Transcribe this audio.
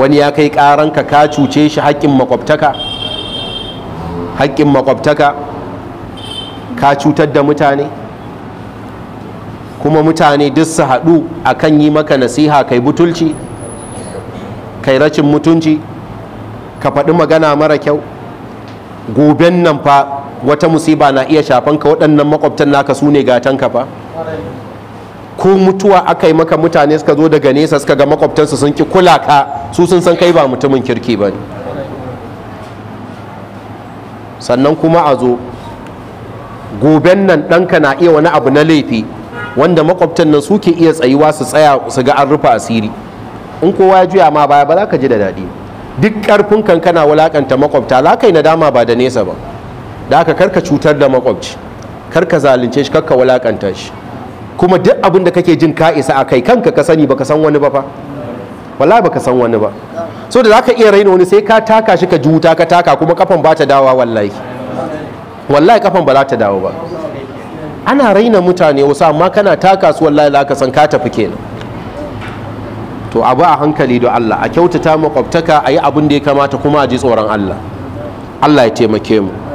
wani ya kai karanka ka cuce shi haƙƙin makwabtaka haƙƙin makwabtaka ka cutar da mutane kuma mutane duk su haɗu a kan yi maka nasiha kai butulci kai rashin mutunci ka faɗi magana mara kyau goben nan fa wata musiba na iya shafanka waɗannan makwabtan naka su ne gatan ka fa ko mutuwa aka yi maka mutane suka zo daga nesa suka ga makwabtansu sun ki kula ka su sun san kai ba mutumin kirki ba ne sannan kuma a zo goben nan ɗanka na iya wani abu na laifi wanda makwabtan nan suke iya tsayuwa su tsaya su ga an rufe asiri in kowa ya juya ma baya ba za ka ji da daɗi duk ƙarfin kankana wulaƙanta makwabta za ka yi nadama ba da nesa ba da aka karka cutar da makwabci karka zalunce shi karka wulaƙanta shi kuma duk abin da kake jin ka isa a kai kanka ka sani baka san wani ba fa wala baka san wani ba so da zaka iya raina wani sai ka taka shi ka ji ka taka kuma kafan ba ta dawa wallahi wallahi kafan ba za ta dawo ba ana raina mutane wasu amma kana taka su wallahi za ka san ka tafi kenan to abu a hankali da Allah a kyautata makwabtaka a yi abin da ya kamata kuma a ji tsoron Allah Allah ya taimake mu